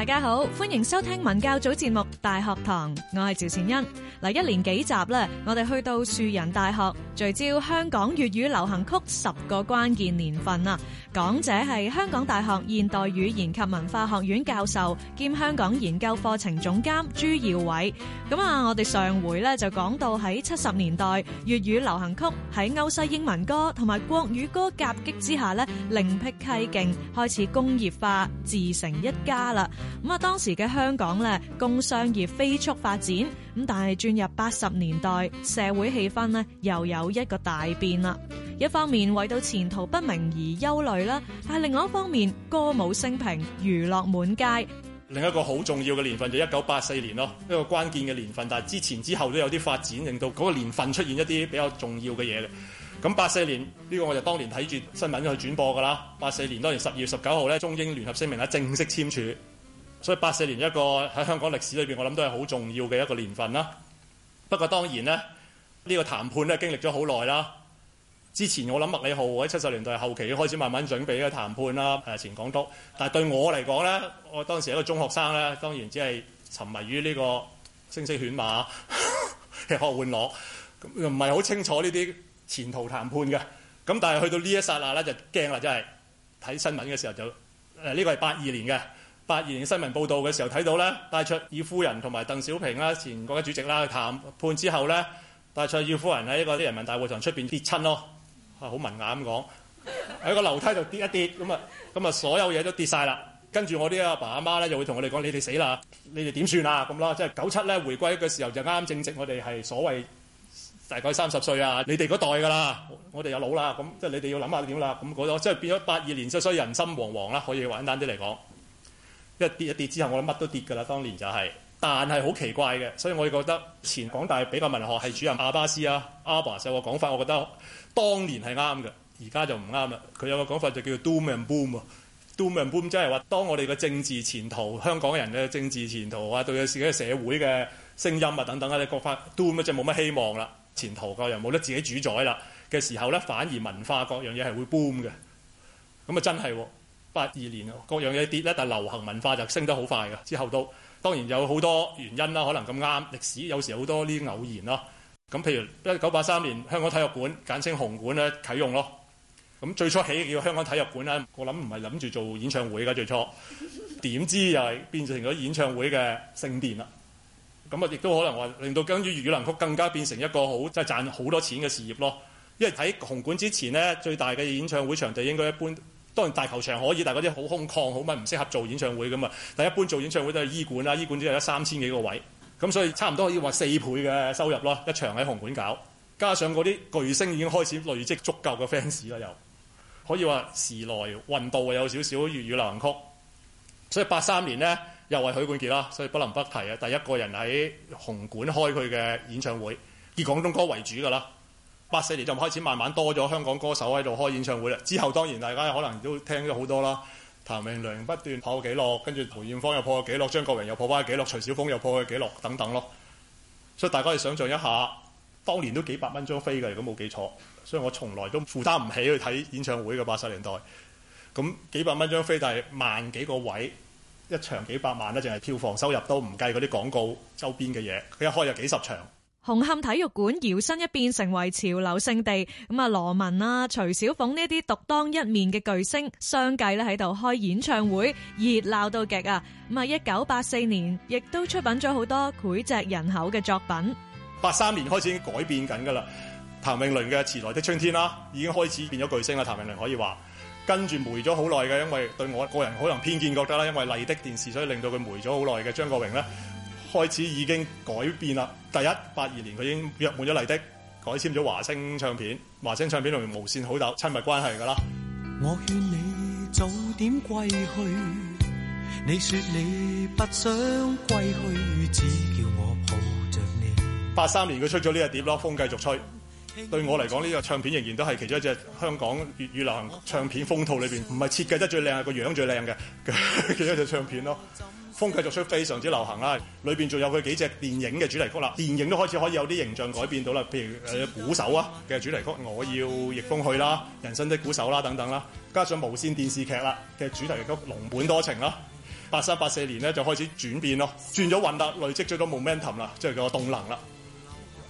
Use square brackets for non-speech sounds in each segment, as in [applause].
大家好，歡迎收聽文教組節目《大學堂》，我是，我係趙倩欣。嗱，一連幾集啦，我哋去到樹仁大學聚焦香港粵語流行曲十個關鍵年份啊！講者係香港大學現代語言及文化學院教授兼香港研究課程總監朱耀偉。咁啊，我哋上回咧就講到喺七十年代粵語流行曲喺歐西英文歌同埋國語歌夾擊之下咧，另辟蹊徑，開始工業化，自成一家啦。咁啊，當時嘅香港咧，工商業飛速發展。咁但係轉入八十年代，社會氣氛咧又有一個大變啦。一方面為到前途不明而憂慮。啦，但係另外一方面，歌舞升平，娛樂滿街。另一個好重要嘅年份就一九八四年咯，一個關鍵嘅年份。但係之前之後都有啲發展，令到嗰個年份出現一啲比較重要嘅嘢嘅。咁八四年呢個我就當年睇住新聞去轉播噶啦。八四年當然十二月十九號咧，中英聯合聲明咧正式簽署，所以八四年一個喺香港歷史裏面，我諗都係好重要嘅一個年份啦。不過當然呢，呢個談判咧經歷咗好耐啦。之前我諗麥理浩喺七十年代後期開始慢慢準備嘅談判啦，誒前港督。但係對我嚟講呢，我當時一個中學生呢，當然只係沉迷於呢個聲色犬馬，吃 [laughs] 喝玩樂，唔係好清楚呢啲前途談判嘅。咁但係去到呢一剎那呢，就驚啦，真係睇新聞嘅時候就誒呢、呢個係八二年嘅，八二年新聞報導嘅時候睇到呢，戴卓爾夫人同埋鄧小平啦，前國家主席啦，談判之後呢，戴卓爾夫人喺個啲人民大會堂出邊跌親咯。啊，好文雅咁講喺個樓梯度跌一跌咁啊，咁啊，所有嘢都跌晒啦。跟住我啲阿爸阿媽咧，就會同我哋講：你哋死啦！你哋點算啊？咁啦，即係九七咧，回歸嘅時候就啱正值我哋係所謂大概三十歲啊，你哋嗰代㗎啦。我哋又老啦，咁即係你哋要諗下點啦。咁嗰度即係變咗八二年，所以人心惶惶啦。可以簡單啲嚟講，一跌一跌之後，我諗乜都跌㗎啦。當年就係。但係好奇怪嘅，所以我覺得前港大比較文學系主任阿巴斯啊，阿巴斯有個講法，我覺得當年係啱嘅，而家就唔啱啦。佢有個講法就叫做 doom and boom、啊、doom and boom 即係話當我哋嘅政治前途、香港人嘅政治前途啊，對住自己嘅社會嘅聲音啊等等啊，你覺得 doom 就冇乜希望啦，前途個樣冇得自己主宰啦嘅時候呢，反而文化各樣嘢係會 boom 嘅。咁啊，真係八二年啊，各樣嘢跌呢，但係流行文化就升得好快嘅。之後都。當然有好多原因啦，可能咁啱歷史有時好多啲偶然啦。咁譬如一九八三年香港體育館，簡稱紅館咧，啓用咯。咁最初起叫香港體育館咧，我諗唔係諗住做演唱會㗎，最初點知又係變成咗演唱會嘅聖殿啦。咁啊，亦都可能話令到跟住粵語流行曲更加變成一個好即係賺好多錢嘅事業咯。因為喺紅館之前呢，最大嘅演唱會場地應該一般。當然大球場可以，但係嗰啲好空曠好乜唔適合做演唱會咁啊！但一般做演唱會都係伊館啦，伊館只有得三千幾個位，咁所以差唔多可以話四倍嘅收入啦，一場喺紅館搞，加上嗰啲巨星已經開始累積足夠嘅 fans 啦，又可以話時來運到，又有少少粵語流行曲，所以八三年呢，又係許冠傑啦，所以不能不提啊！第一個人喺紅館開佢嘅演唱會，以廣東歌為主噶啦。八四年就開始慢慢多咗香港歌手喺度開演唱會啦。之後當然大家可能都聽咗好多啦。譚詠麟不斷破紀錄，跟住梅豔芳又破個紀錄，張國榮又破翻個紀錄，徐小鳳又破個紀錄等等咯。所以大家可以想像一下，當年都幾百蚊張飛㗎，如果冇記錯。所以我從來都負擔唔起去睇演唱會嘅八十年代。咁幾百蚊張飛，但係萬幾個位一場幾百萬啦，淨係票房收入都唔計嗰啲廣告、周邊嘅嘢。佢一開有幾十場。紅磡體育館搖身一變成為潮流勝地，咁啊羅文啊徐小鳳呢啲獨當一面嘅巨星相繼咧喺度開演唱會，熱鬧到極啊！咁啊，一九八四年亦都出品咗好多膾炙人口嘅作品。八三年開始已經改變緊噶啦，譚詠麟嘅《遲來的春天》啦，已經開始變咗巨星啦。譚詠麟可以話跟住霉咗好耐嘅，因為對我個人可能偏見覺得啦，因為麗的電視，所以令到佢霉咗好耐嘅。張國榮咧，開始已經改變啦！第一八二年佢已經約滿咗麗的，改簽咗華星唱片。華星唱片同無線好有親密關係㗎啦。我勸你早點歸去，你說你不想歸去，只叫我抱着你。八三年佢出咗呢一碟咯，風繼續吹。對我嚟講，呢個唱片仍然都係其中一隻香港粵語流行唱片風套裏面唔係設計得最靚，係個樣最靚嘅其中一隻唱片咯。風繼續吹，非常之流行啦。裏邊仲有佢幾隻電影嘅主題曲啦。電影都開始可以有啲形象改變到啦，譬如誒《鼓手》啊嘅主題曲，《我要逆風去》啦，《人生的鼓手》啦等等啦。加上無線電視劇啦嘅主題曲《龍本多情》啦。八三八四年咧就開始轉變咯，轉咗運啦，累積咗個 momentum 啦，即係叫動能啦。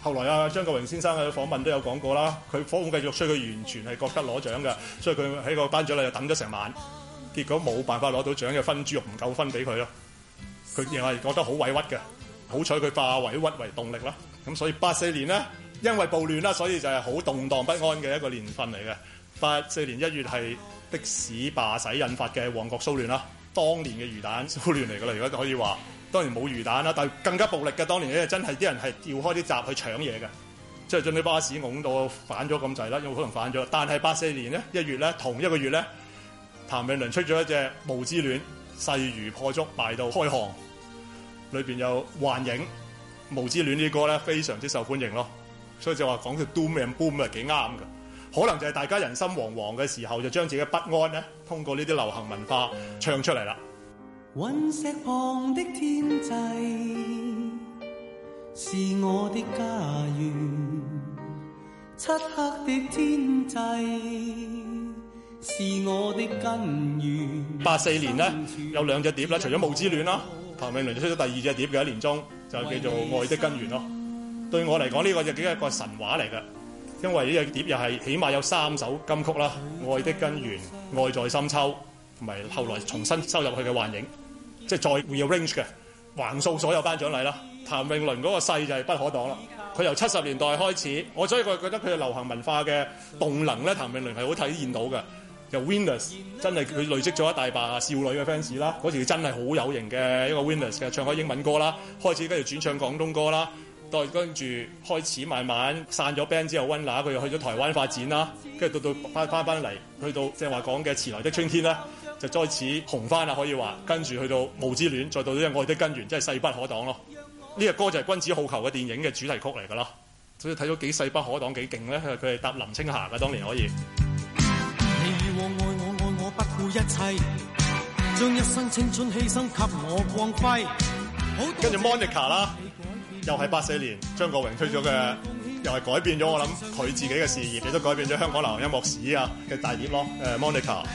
後來啊，張國榮先生嘅訪問都有講過啦，佢風繼續吹，佢完全係覺得攞獎嘅，所以佢喺個頒獎禮就等咗成晚，結果冇辦法攞到獎嘅，分豬肉唔夠分俾佢咯。佢認為覺得好委屈嘅，好彩佢化委屈為動力啦。咁所以八四年呢，因為暴亂啦，所以就係好動盪不安嘅一個年份嚟嘅。八四年一月係的士罷駛引發嘅旺角騷亂啦，當年嘅魚蛋騷亂嚟㗎啦，如果可以話。當然冇魚蛋啦，但係更加暴力嘅。當年咧真係啲人係調開啲閘去搶嘢嘅，即係將啲巴士拱到反咗咁滯啦，有可能反咗。但係八四年呢，一月呢，同一個月呢，譚詠麟出咗一隻霧之戀。勢如破竹，賣到開行。裏面有幻影、無知戀呢啲、這個、歌咧，非常之受歡迎咯。所以就話講佢 doom and boom 係幾啱㗎，可能就係大家人心惶惶嘅時候，就將自己嘅不安咧，通過呢啲流行文化唱出嚟啦。隕石旁的天際是我的家園，漆黑的天際。是我的根源。八四年呢，有兩隻碟啦，除咗《霧之戀》啦，譚詠麟就出咗第二隻碟嘅，一年中就叫做《愛的根源》咯。對我嚟講，呢、這個就幾係一個神話嚟嘅，因為呢隻碟又係起碼有三首金曲啦，《愛的根源》、《愛在深秋》同埋後來重新收入去嘅《幻影》即，即係再 rearrange 嘅橫掃所有頒獎禮啦。譚詠麟嗰個勢就係不可擋啦。佢由七十年代開始，我所以我覺得佢嘅流行文化嘅動能咧，譚詠麟係好體現到嘅。由 Winners 真係佢累積咗一大把少女嘅 fans 啦，嗰時佢真係好有型嘅一個 Winners 嘅，ows, 唱開英文歌啦，開始跟住轉唱廣東歌啦，再跟住開始慢慢散咗 band 之後，溫拿佢又去咗台灣發展啦，跟住到到翻翻翻嚟，去到即係話講嘅遲來的春天咧，就再次紅翻啦，可以話跟住去到霧之戀，再到呢個愛的根源，真係勢不可擋咯。呢個歌就係君子好逑嘅電影嘅主題曲嚟㗎咯，所以睇咗幾勢不可擋幾勁咧，佢係搭林青霞嘅當年可以。一切將一生青春犧牲給我光輝，跟住 Monica 啦、啊，又係八四年，張國榮推咗嘅，又係改變咗我諗佢自己嘅事業，亦都改變咗香港流行音樂史啊嘅大碟咯。誒、呃、Monica 呢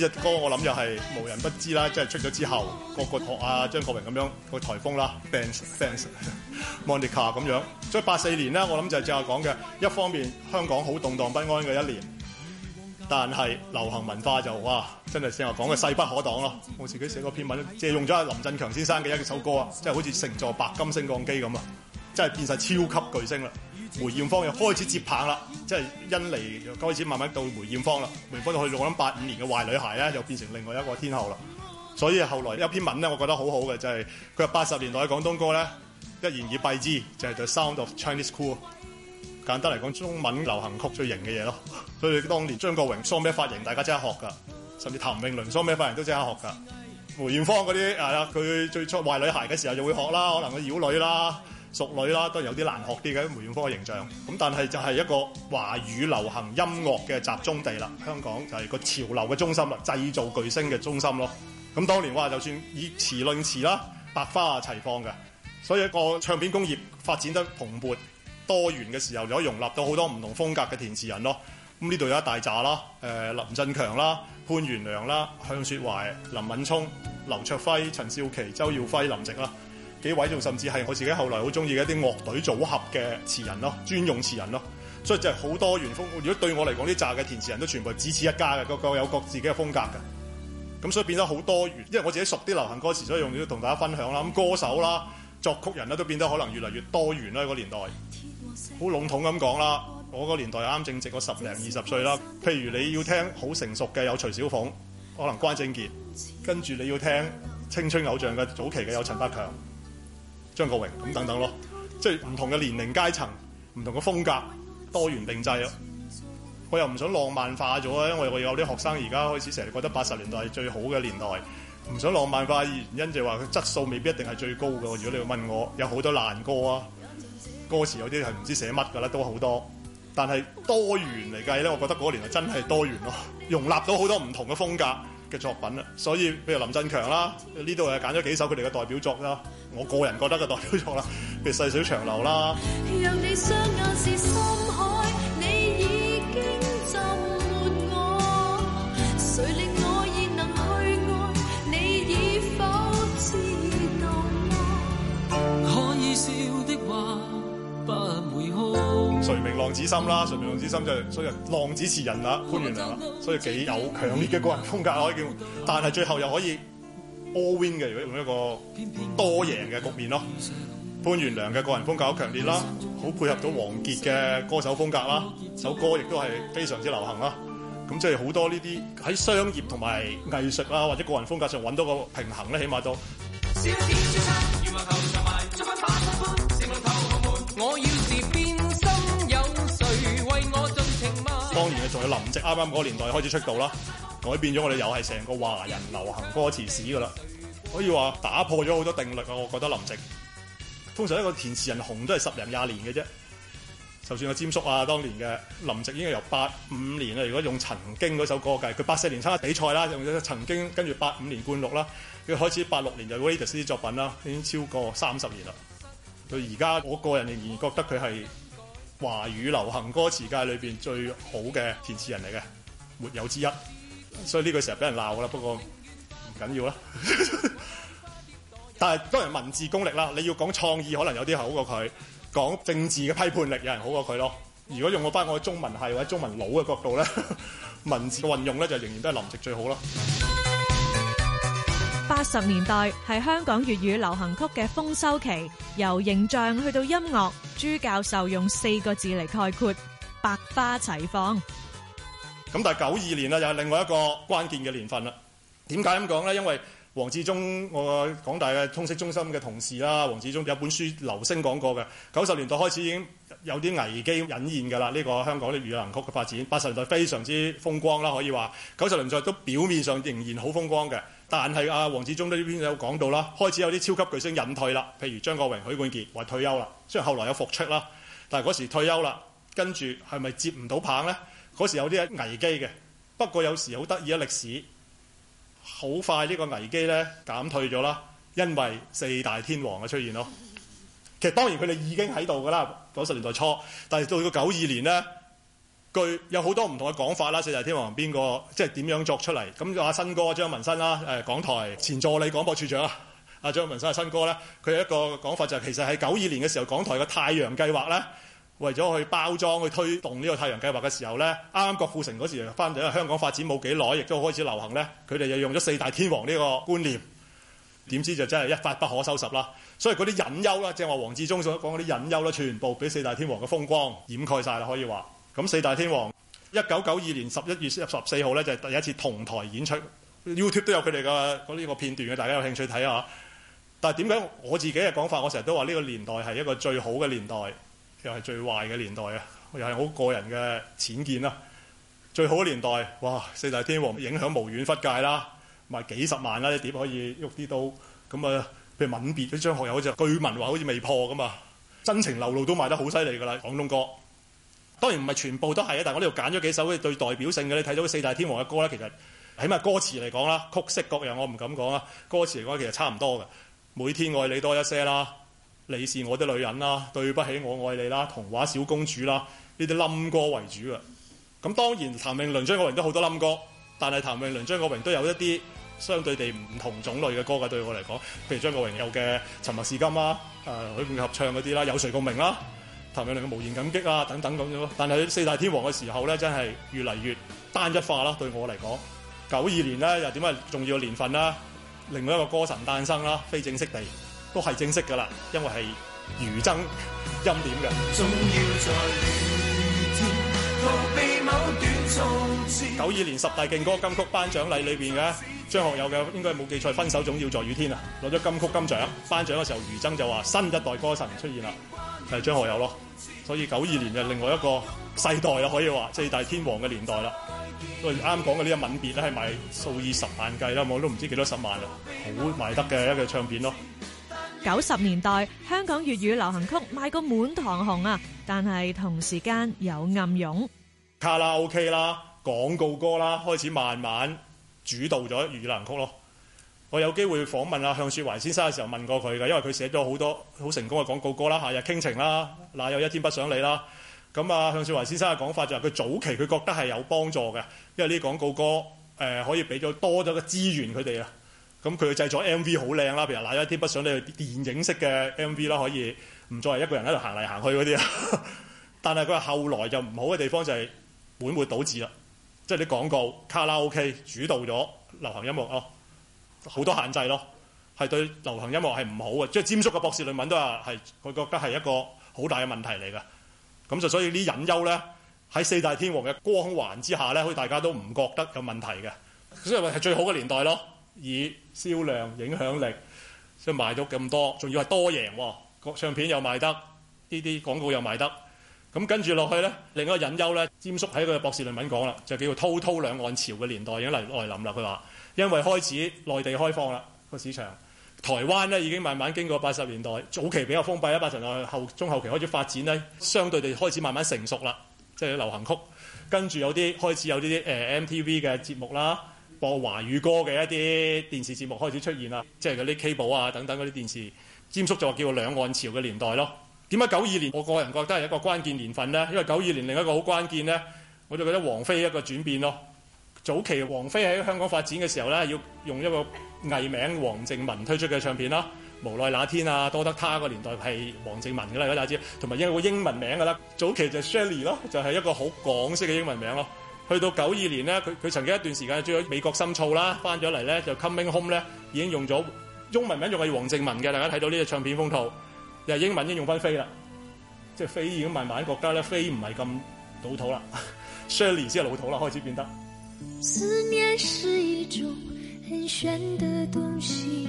隻、呃呃、歌我諗又係無人不知啦，即係出咗之後，各個個學啊張國榮咁樣個台風啦，thanks thanks Monica 咁樣。所以八四年咧，我諗就係最後講嘅，一方面香港好動盪不安嘅一年。但係流行文化就哇，真係先話講嘅勢不可擋咯！我自己寫過篇文，即係用咗林振強先生嘅一首歌啊，即係好似乘坐白金升降機咁啊，即係變晒超級巨星啦！梅艷芳又開始接棒啦，即係因尼又開始慢慢到梅艷芳啦，梅艷芳到去到我諗八五年嘅壞女孩咧，又變成另外一個天后啦。所以後來有篇文咧，我覺得很好好嘅就係佢話八十年代嘅廣東歌咧，一言以蔽之就係、是、The Sound of Chinese Cool。簡單嚟講，中文流行曲最型嘅嘢咯，所以當年張國榮梳咩髮型，大家即刻學㗎；甚至譚詠麟梳咩髮型都即刻學㗎。梅豔芳嗰啲係啦，佢最初壞女孩嘅時候就會學啦，可能個妖女啦、淑女啦，都有啲難學啲嘅梅豔芳嘅形象。咁但係就係一個華語流行音樂嘅集中地啦，香港就係個潮流嘅中心啦，製造巨星嘅中心咯。咁當年話就算以詞論詞啦，百花齊放嘅，所以一個唱片工業發展得蓬勃。多元嘅時候，有容納到好多唔同風格嘅填詞人咯。咁呢度有一大扎啦、呃，林振強啦、潘元良啦、向雪懷、林敏聰、劉卓輝、陳少琪、周耀輝、林夕啦，幾位仲甚至係我自己後來好中意嘅一啲樂隊組合嘅詞人咯，專用詞人咯。所以就係好多元風。如果對我嚟講，呢紮嘅填詞人都全部係只此一家嘅，各有各自己嘅風格嘅。咁所以變得好多元，因為我自己熟啲流行歌詞，所以用同大家分享啦。咁歌手啦、作曲人啦，都變得可能越嚟越多元啦。個年代。好籠統咁講啦，我個年代啱正值個十零二十歲啦。譬如你要聽好成熟嘅有徐小鳳，可能關正傑，跟住你要聽青春偶像嘅早期嘅有陳百強、張國榮咁等等咯。即係唔同嘅年齡階層、唔同嘅風格，多元並濟。我又唔想浪漫化咗，因為我有啲學生而家開始成日覺得八十年代係最好嘅年代。唔想浪漫化嘅原因就係話佢質素未必一定係最高嘅。如果你要問我，有好多爛歌啊。歌詞有啲係唔知寫乜嘅咧，都好多，但係多元嚟計咧，我覺得嗰年係真係多元咯，容納到好多唔同嘅風格嘅作品啊。所以譬如林振強啦，呢度又揀咗幾首佢哋嘅代表作啦，我個人覺得嘅代表作啦，譬如《細水長流》啦。讓你誰明浪子心啦，誰明浪子心，就係所以浪子詞人啦，潘源良啦，所以幾有強烈嘅個人風格可以叫，但係最後又可以 all win 嘅，如果用一個多贏嘅局面咯。潘源良嘅個人風格好強烈啦，好配合到王傑嘅歌手風格啦，首歌亦都係非常之流行啦。咁即係好多呢啲喺商業同埋藝術啊，或者個人風格上揾到一個平衡咧，起碼就。仲有林夕啱啱嗰年代開始出道啦，改變咗我哋又係成個華人流行歌詞史噶啦，可以話打破咗好多定律啊！我覺得林夕通常一個填詞人紅都係十零廿年嘅啫，就算個詹叔啊，當年嘅林夕已經由八五年啦，如果用曾經嗰首歌計，佢八四年參加比賽啦，用曾經，跟住八五年冠軍啦，佢開始八六年就 Raidas 啲作品啦，已經超過三十年啦。到而家我個人仍然覺得佢係。華語流行歌詞界裏面最好嘅填詞人嚟嘅，沒有之一。所以呢個時候俾人鬧啦，不過唔緊要啦。 [laughs] 但係當然文字功力啦，你要講創意，可能有啲係好過佢；講政治嘅批判力，有人好過佢咯。如果用翻我嘅中文系或者中文佬嘅角度咧，文字嘅運用咧就仍然都係林夕最好咯。八十年代係香港粵語流行曲嘅豐收期，由形象去到音樂，朱教授用四個字嚟概括：百花齊放。咁但係九二年啦又係另外一個關鍵嘅年份啦。點解咁講呢？因為黃志忠，我港大嘅通識中心嘅同事啦，黃志忠有一本書《流星》講過嘅，九十年代開始已經。有啲危機隱現㗎啦，呢個香港啲粵語流行曲嘅發展。八十年代非常之風光啦，可以話。九十年代都表面上仍然好風光嘅，但係阿黃志忠呢邊有講到啦，開始有啲超級巨星隱退啦，譬如張國榮、許冠傑話退休啦。雖然後來有復出啦，但係嗰時退休啦，跟住係咪接唔到棒呢？嗰時有啲危機嘅，不過有時好得意啊，歷史好快呢個危機呢減退咗啦，因為四大天王嘅出現咯。其實當然佢哋已經喺度㗎啦，九十年代初。但係到到九二年呢，據有好多唔同嘅講法啦。四大天王邊個即係點樣作出嚟？咁就阿新哥張文新啦，誒港台前助理廣播處長啊，阿張文新阿新哥呢，佢有一個講法就係、是、其實喺九二年嘅時候，港台嘅太陽計劃呢，為咗去包裝去推動呢個太陽計劃嘅時候呢，啱啱郭富城嗰時翻咗香港發展冇幾耐，亦都開始流行呢。佢哋又用咗四大天王呢個觀念。點知就真係一發不可收拾啦！所以嗰啲隱憂啦，即係話黃志忠所講嗰啲隱憂啦，全部俾四大天王嘅風光掩蓋晒啦，可以話。咁四大天王一九九二年十一月十四號呢，就係、是、第一次同台演出，YouTube 都有佢哋嘅嗰呢個片段嘅，大家有興趣睇下。但係點解我自己嘅講法，我成日都話呢個年代係一個最好嘅年代，又係最壞嘅年代啊！又係好個人嘅淺見啦。最好嘅年代，哇！四大天王影響無遠弗屆啦。賣幾十萬啦、啊！啲碟可以喐啲刀咁啊，譬如《吻別》啲張學友好似據聞話好似未破咁啊，《真情流露》都賣得好犀利㗎啦，廣東歌當然唔係全部都係啊，但係我呢度揀咗幾首對代表性嘅，你睇到四大天王嘅歌咧，其實起碼歌詞嚟講啦，曲式各樣我唔敢講啦，歌詞嚟講其實差唔多嘅，《每天愛你多一些》啦，《你是我的女人》啦，《對不起我愛你》啦，《童話小公主》啦，呢啲冧歌為主嘅。咁當然譚詠麟、張國榮都好多冧歌。但係譚詠麟、張國榮都有一啲相對地唔同種類嘅歌嘅，對我嚟講，譬如張國榮有嘅《沉默是金》啦，誒、呃，許冠傑合唱嗰啲啦，《有誰共鳴》啦，譚詠麟嘅《無言感激》啊等等咁樣。但係四大天王嘅時候咧，真係越嚟越單一化啦。對我嚟講，九二年咧又點解重要年份啦，另外一個歌神誕生啦，非正式地都係正式嘅啦，因為係餘爭陰點嘅。九二年十大勁歌金曲頒獎禮裏邊嘅張學友嘅，應該冇記錯，分手總要在雨天啊，攞咗金曲金獎。頒獎嘅時候，余增就話新一代歌神出現啦，就係張學友咯。所以九二年嘅另外一個世代啊，可以話四大天王嘅年代啦。啱啱講嘅呢個吻別都係賣數以十萬計啦，我都唔知幾多十萬啊，好賣得嘅一個唱片咯。九十年代香港粵語流行曲賣過滿堂紅啊，但係同時間有暗湧。卡拉 OK 啦、廣告歌啦，開始慢慢主導咗粵語流行曲咯。我有機會訪問阿向雪懷先生嘅時候問過佢嘅，因為佢寫咗好多好成功嘅廣告歌啦，夏日傾情啦、哪有一天不想你啦。咁啊、嗯，向雪懷先生嘅講法就係、是、佢早期佢覺得係有幫助嘅，因為啲廣告歌誒、呃、可以俾咗多咗嘅資源佢哋啊。咁佢製製作 MV 好靚啦，譬如《哪有一天不想你》電影式嘅 MV 啦，可以唔再係一個人喺度行嚟行去嗰啲啊。但係佢話後來就唔好嘅地方就係、是。會唔會導致啦，即係啲廣告卡拉 OK 主導咗流行音樂哦，好多限制咯，係對流行音樂係唔好嘅。即係詹叔嘅博士論文都話係，佢覺得係一個好大嘅問題嚟㗎。咁就所以呢隱憂呢，喺四大天王嘅光環之下呢，好似大家都唔覺得有問題嘅，所以係最好嘅年代咯。以銷量、影響力，所以賣到咁多，仲要係多贏喎、哦，唱片又賣得，呢啲廣告又賣得。咁跟住落去呢，另一個隱憂呢，詹叔喺佢博士論文講啦，就叫做滔滔兩岸潮嘅年代已經嚟來臨啦。佢話因為開始內地開放啦個市場，台灣呢已經慢慢經過八十年代早期比較封閉啦，八十年代後中後期開始發展呢，相對地開始慢慢成熟啦，即係流行曲。跟住有啲開始有啲啲、呃、MTV 嘅節目啦，播華語歌嘅一啲電視節目開始出現啦，即係嗰啲 K 寶啊等等嗰啲電視。詹叔就話叫做兩岸潮嘅年代咯。點解九二年我個人覺得係一個關鍵年份呢？因為九二年另一個好關鍵呢，我就覺得王菲一個轉變咯。早期王菲喺香港發展嘅時候呢，要用一個藝名王靖雯推出嘅唱片啦，無奈那天啊，多得他個年代係王靖雯嘅啦，大家知。同埋一個英文名嘅啦，早期就 Shirley 咯，就係、是、一個好港式嘅英文名咯。去到九二年呢，佢佢曾經一段時間追咗美國深造啦，翻咗嚟呢，就 Coming Home 呢已經用咗中文名用係王靖雯嘅，大家睇到呢隻唱片封套。又英文應用翻飛啦，即係飛已經慢慢喺國家咧飛唔係咁老土啦，Shirley 先係老土啦，開始變得。思念是一種很玄的東西。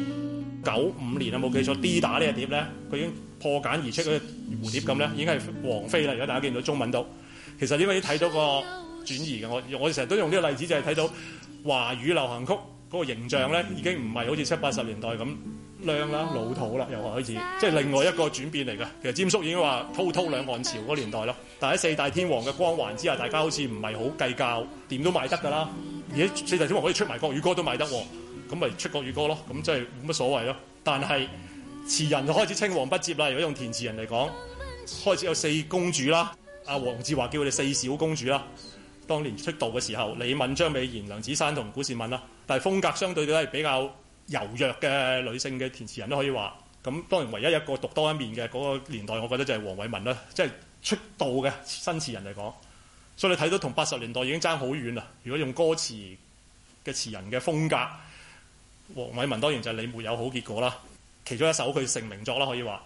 九五年啊，冇記錯 D 打呢個碟咧，佢已經破繭而出，好似蝴蝶咁咧，已經係王菲啦。而家大家見到中文度，其實因為睇到個轉移嘅，我我哋成日都用呢個例子，就係睇到華語流行曲嗰個形象咧，已經唔係好似七八十年代咁。亮啦，老土啦，又開始，即係另外一個轉變嚟嘅。其實詹叔已經話滔滔兩岸潮嗰年代咯，但係喺四大天王嘅光環之下，大家好似唔係好計較，點都賣得㗎啦。而家四大天王可以出埋國語歌都賣得喎，咁咪出國語歌咯，咁即係冇乜所謂咯。但係詞人就開始青黃不接啦。如果用填詞人嚟講，開始有四公主啦，阿黃志華叫佢哋四小公主啦。當年出道嘅時候，李敏、張美賢、梁子珊同古倩敏啦，但係風格相對都係比較，柔弱嘅女性嘅填詞人都可以話，咁當然唯一一個獨當一面嘅嗰個年代，我覺得就係黃偉文啦，即係出道嘅新詞人嚟講，所以你睇到同八十年代已經爭好遠啦。如果用歌詞嘅詞人嘅風格，黃偉文當然就係你沒有好結果啦。其中一首佢成名作啦，可以話，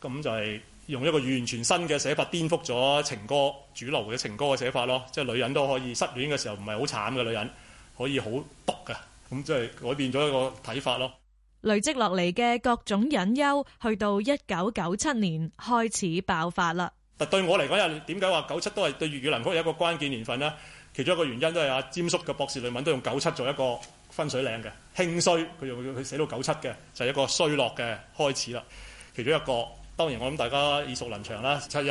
咁就係用一個完全新嘅寫法，顛覆咗情歌主流嘅情歌嘅寫法咯。即係女人都可以失戀嘅時候，唔係好慘嘅女人，可以好獨㗎。咁即係改變咗一個睇法咯。累積落嚟嘅各種隱憂，去到一九九七年開始爆發啦。但對我嚟講，又點解話九七都係對粵語流行曲有一個關鍵年份呢？其中一個原因都係阿詹叔嘅博士論文都用九七做一個分水嶺嘅。興衰，佢用佢寫到九七嘅，就係、是、一個衰落嘅開始啦。其中一個，當然我諗大家耳熟能詳啦，七一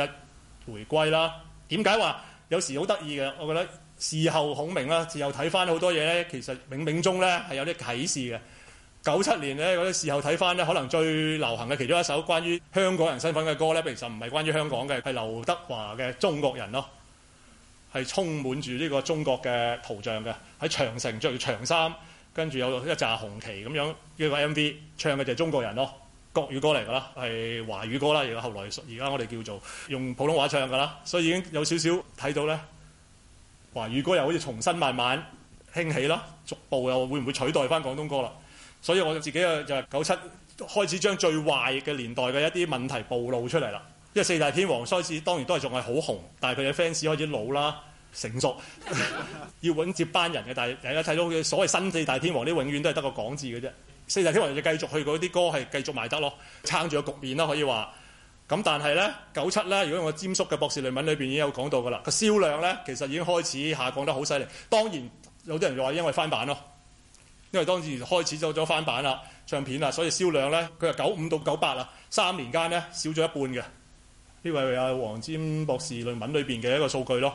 回歸啦。點解話有時好得意嘅？我覺得。事後孔明啦，事後睇翻好多嘢呢。其實冥冥中呢，係有啲啟示嘅。九七年呢，嗰啲事後睇翻呢，可能最流行嘅其中一首關於香港人身份嘅歌呢，其實唔係關於香港嘅，係劉德華嘅《中國人》咯，係充滿住呢個中國嘅圖像嘅，喺長城着住長衫，跟住有一紮紅旗咁樣，呢個 M V 唱嘅就係中國人咯，國語歌嚟㗎啦，係華語歌啦，而家後來而家我哋叫做用普通話唱㗎啦，所以已經有少少睇到呢。華語歌又好似重新慢慢興起咯，逐步又會唔會取代翻廣東歌啦？所以我自己啊就九七開始將最壞嘅年代嘅一啲問題暴露出嚟啦。因為四大天王開始當然都係仲係好紅，但係佢嘅 fans 開始老啦、成熟， [laughs] [laughs] 要搵接班人嘅。但係大家睇到嘅所謂新四大天王，呢永遠都係得個港字嘅啫。四大天王就繼續去嗰啲歌係繼續賣得咯，撐住個局面啦，可以話。咁但係呢，九七呢，如果用尖叔嘅博士論文裏面已經有講到㗎啦，個銷量呢，其實已經開始下降得好犀利。當然有啲人就話因為翻版咯，因為當時開始走咗翻版啦，唱片啦，所以銷量呢，佢係九五到九八啦三年間呢少咗一半嘅，呢位啊黃尖博士論文裏面嘅一個數據咯。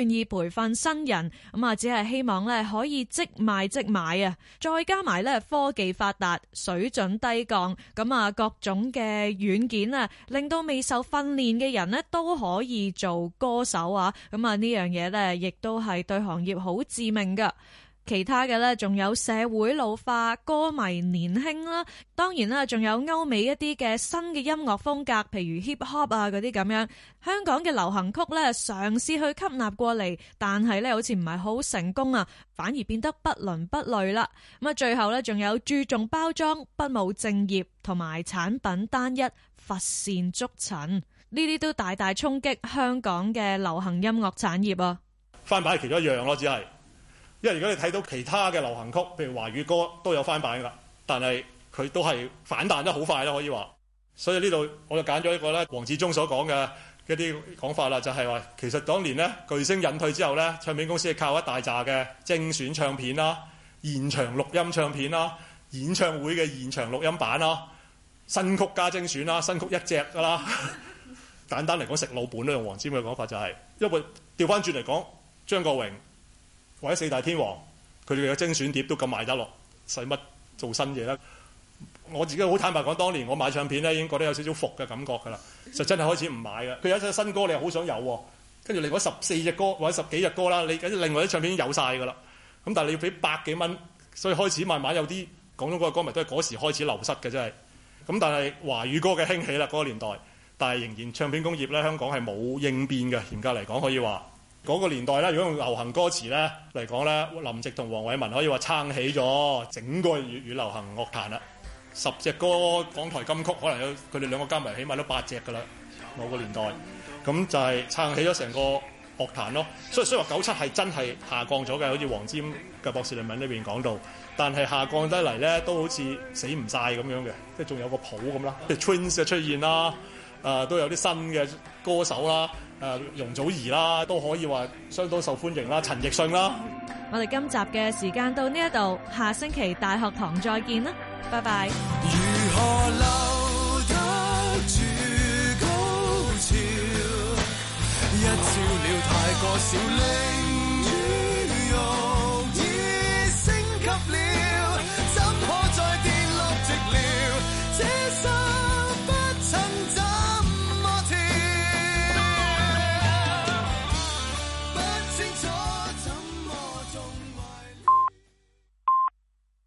願意培訓新人，咁啊，只係希望咧可以即賣即買啊！再加埋咧科技發達，水準低降，咁啊，各種嘅軟件啊，令到未受訓練嘅人咧都可以做歌手啊！咁啊，呢樣嘢咧，亦都係對行業好致命噶。其他嘅呢，仲有社會老化、歌迷年輕啦。當然啦，仲有歐美一啲嘅新嘅音樂風格，譬如 hip hop 啊嗰啲咁樣。香港嘅流行曲呢，嘗試去吸納過嚟，但係呢，好似唔係好成功啊，反而變得不倫不類啦。咁啊，最後呢，仲有注重包裝、不務正業同埋產品單一、乏善足陳呢啲都大大衝擊香港嘅流行音樂產業啊。翻版係其中一樣咯，只係。因為如果你睇到其他嘅流行曲，譬如華語歌都有翻版㗎，但係佢都係反彈得好快啦，可以話。所以呢度我就揀咗一個咧，黃志忠所講嘅一啲講法啦，就係話其實當年咧巨星隱退之後咧，唱片公司係靠一大扎嘅精選唱片啦、現場錄音唱片啦、演唱會嘅現場錄音版啦、新曲加精選啦、新曲一隻㗎啦。 [laughs] 簡單嚟講，食老本，都用黃志忠嘅講法就係，因為調翻轉嚟講，張國榮。或者四大天王佢哋嘅精選碟都咁賣得落，使乜做新嘢呢？我自己好坦白講，當年我買唱片呢已經覺得有少少服嘅感覺㗎啦，就真係開始唔買㗎。佢有一首新歌，你又好想有喎，跟住你嗰十四隻歌或者十幾隻歌啦，你啲另外啲唱片有晒㗎啦。咁但係你要俾百幾蚊，所以開始慢慢有啲廣東歌嘅歌迷都係嗰時開始流失嘅真係。咁但係華語歌嘅興起啦，嗰個年代，但係仍然唱片工業呢，香港係冇應變嘅，嚴格嚟講可以話。嗰個年代咧，如果用流行歌詞咧嚟講咧，林夕同黃偉文可以話撐起咗整個粵語流行樂壇啦。十隻歌港台金曲可能有佢哋兩個加埋，起碼都八隻噶啦。某個年代咁就係撐起咗成個樂壇咯。所以所以話九七係真係下降咗嘅，好似黃霑嘅博士論文裏面講到。但係下降得嚟咧，都好似死唔晒咁樣嘅，即係仲有個譜咁啦。即係 Twins 嘅出現啦。啊，都有啲新嘅歌手啦，啊，容祖兒啦，都可以話相當受歡迎啦，陳奕迅啦。我哋今集嘅時間到呢一度，下星期大學堂再見啦，拜拜。如何留得住高潮？一照了太過少